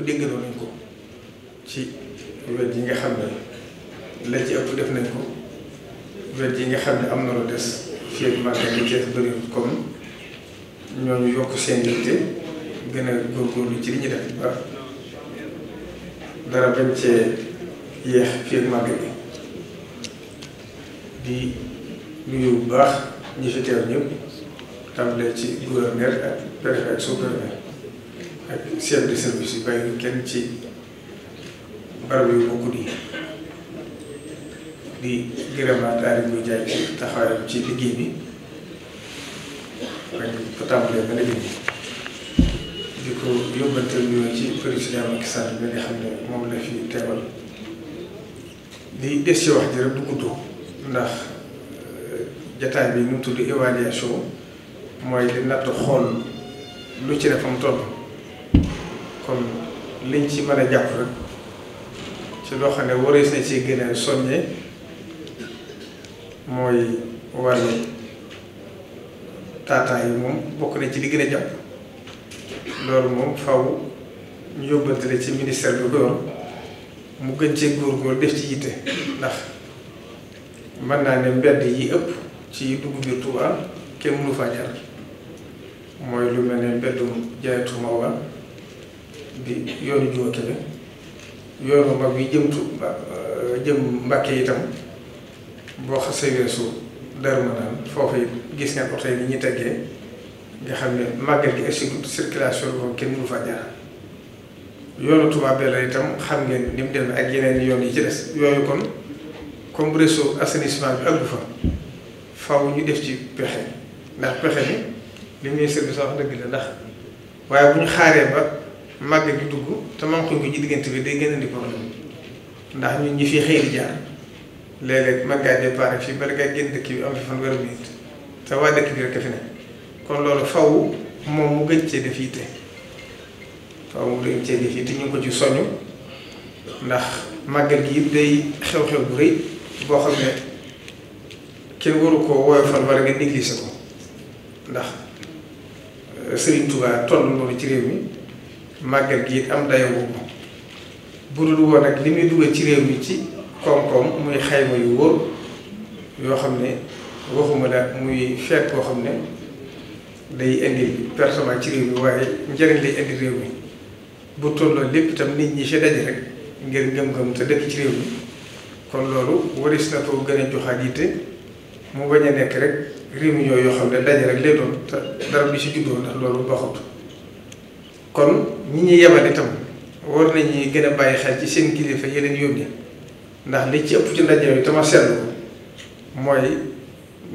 lépp déggaloo nañ ko ci wet yi nga xam ne la ci ëpp def nañ ko wet yi nga xam ne am na lu des fii ak màggal li des bëriwul comme ñooñu yokk seen yitte gën a góorgóorlu ci li ñu def ba dara bañ cee yéex fii ak bi di nuyu bu baax ñi fi teew ñëpp tàmbalee ci gouverneur ak préfet ak sous-préfet ak chef de service yu bàyyi kenn ci barab yu bokk di di gërëmaat daal di muy ci taxawaayam ci liggéey bi bañ ba léegi di ko yóbbanteel ñëw ci président Macky Sall bi nga xam ne moom la fi teewal di des ci wax ji rek du gudd ndax euh, jataay bi ñu tudd évaluation mooy di natt xool lu ci ne fa mu toll. kon liñ ci mën a jàpp rek ci loo xam ne warees na ci gën a soññee mooy wàllu taataa yi moom bokk nañ ci li gën a jàpp loolu moom faw ñu yóbbantale ci ministère bi door mu gën cee góorgóor def ci yitte ndax mën naa ne mbedd yi ëpp ci dugg biir Touba kenn mënu faa jaar mooy lu mel ne mbeddum jaay Touba bi yoonu jiwa kebe yoonu mag bi jëm tu euh, jëm mbàkke itam boo xasee weesu daru ma naan foofu gis ngeen oto ni ñu tegee nga xam ne màggal gi circulation circulation boobu kenn mënu fa jaar yoonu Touba Bello itam xam ngeen ni mu demee ak yeneen yoon yi ci des yooyu kon comme réseau assainissement bi àggu fa faaw ñu def ci pexe ndax pexe bi li ministre bi sax dëgg la ndax waaye bu ñu xaaree ba màggal bi dugg te man xuñ ko ci diggante bi day gën a indi problème ndax ñun ñi fi xëy di jaar léeg-léeg mën ngaa départ fii bala ngaa génn dëkk bi am fi fan wala minute te waa dëkk bi rek a fi ne kon loolu faw moom mu gën cee def yitte faw mu gën cee def yitte ko ci soñu ndax màggal gi it day xew-xew bu rëy boo xam ne kenn waru ko woyofal wala nga négliger ko ndax euh, Serigne Touba toll loolu ci réew mi. màggal gi am dayo boobu bu dul woon ak li muy dugal ci réew mi ci koom-koom muy xayma yu wóor yoo xam ne waxuma la muy feet koo xam ne day indi personnel ci réew mi waaye njëriñ lay indi réew mi bu tolloo lépp itam nit ñi si daje rek ngir ngëm-ngëm te dëkk ci réew mi kon loolu waris na ko gën a joxaat yitte mu bañ a nekk rek réunion yoo xam ne daje rek lay doon te dara bi si juddoo ndax loolu baaxut kon ñi ñuy yebal itam war nañuy gën a bàyyi xel ci seen kilifa yeneen yóbbi ndax li ci ëpp ci ndaje yi tama seetlu ko mooy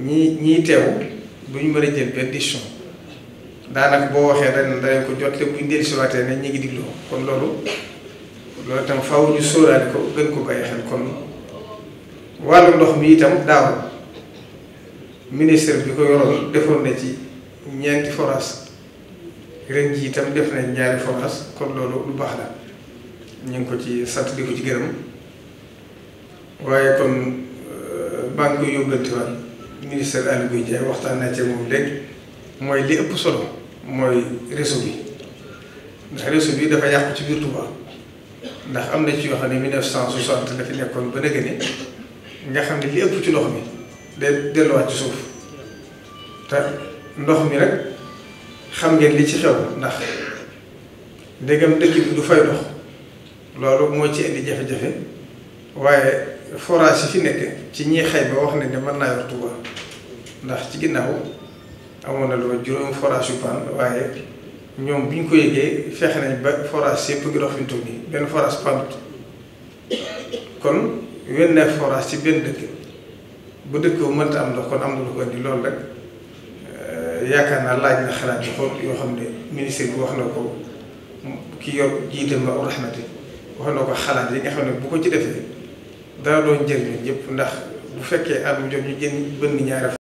ñi ñiy teew bu ñu mën a jël benn décision daanaka boo waxee dañ danañ ko jot te ne ñu ngi diglu kon loolu loolu itam faaw ñu sóoraale ko gën ko bàyyi xel kon wàllu ndox mi itam daaw ministre bi ko yoroon defoon na ci ñeenti forage ren jii itam def nañ ñaari forage kon loolu lu baax la ñu ngi ko ci sant di ko ci gërëm waaye kon euh, maa ngi koy yóbbantiwaat ministère Aly Ngouille Ndiaye waxtaan naa ci moom léegi mooy li ëpp solo mooy réseau bi ndax réseau bi dafa yàqu ci biir Touba ndax am na ci yoo xam ne 1960 la fi nekkoon ba léegi ne nga xam ne li ëpp ci ndox mi day delluwaat ci suuf te ndox mi rek. xam ngeen li ci xew ndax ndegam dëkk bi du fay dox loolu moo ci indi jafe-jafe waaye forage yi fi nekk ci ñi xay ba wax ne de mën naa yor Touba ndax ci ginnaaw amoon na lu ma juróom forage yu pan waaye ñoom bi ñu ko yëgee fexe nañ ba forage yëpp gi dox fi mu toll nii benn forage panut kon wenn forage ci benn dëkk bu dëkk bu mënta am ndox kon am na lu ko indi loolu rek te yaakaar naa laaj na xalaat yu xool yoo xam ne ministre bi wax na ko ki yor jiite ma rahmati wax na ko xalaat yi nga xam ne bu ko ci defee dana doon jëriñu ñëpp ndax bu fekkee at jot ñu jën bënn ñaari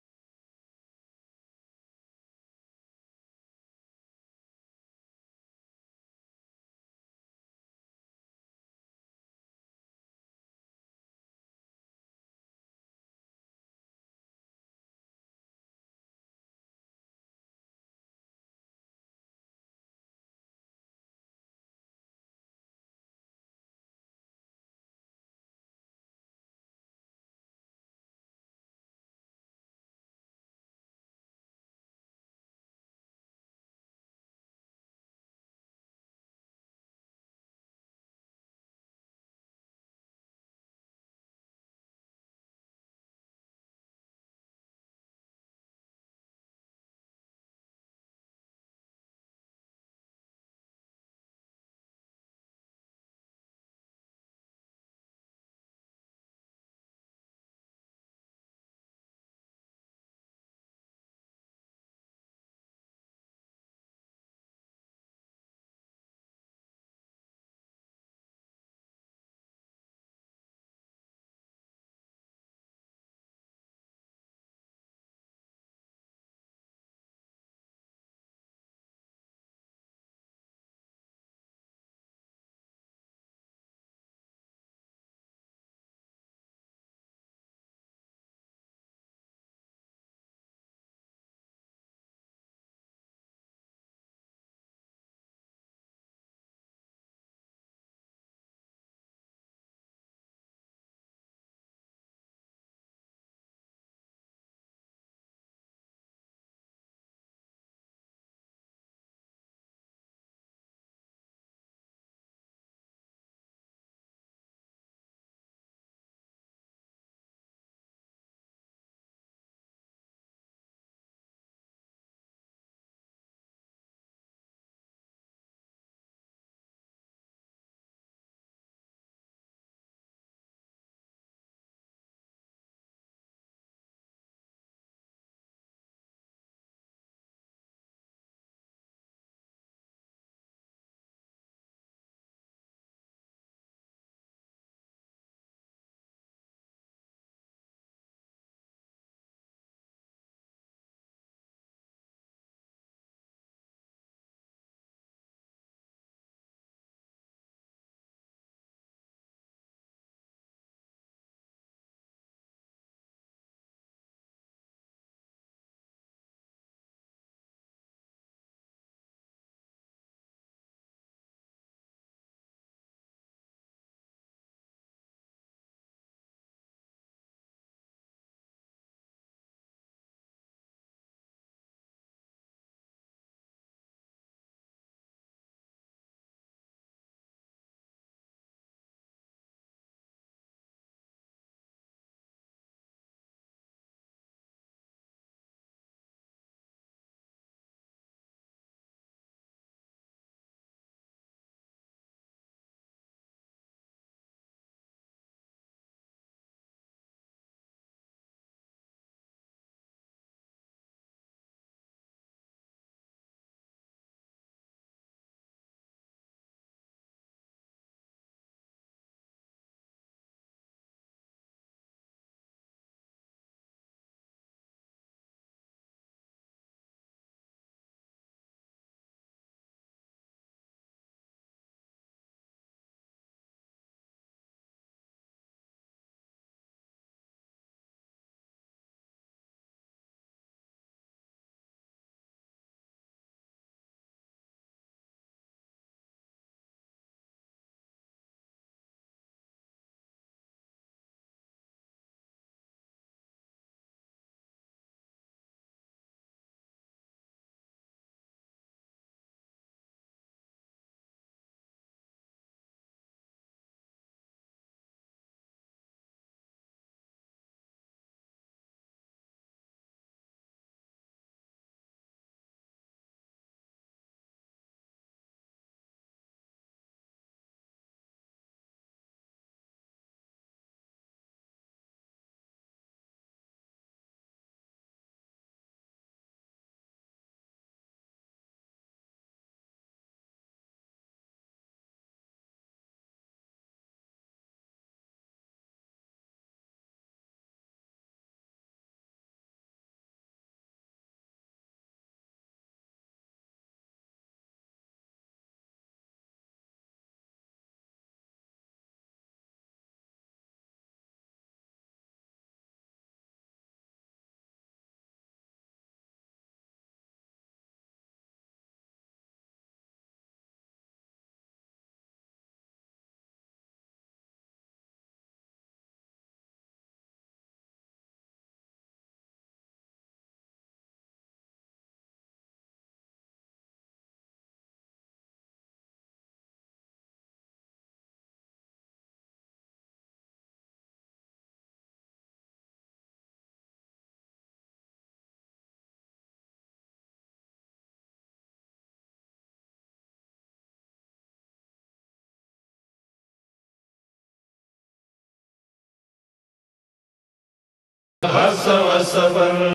الحس والسفر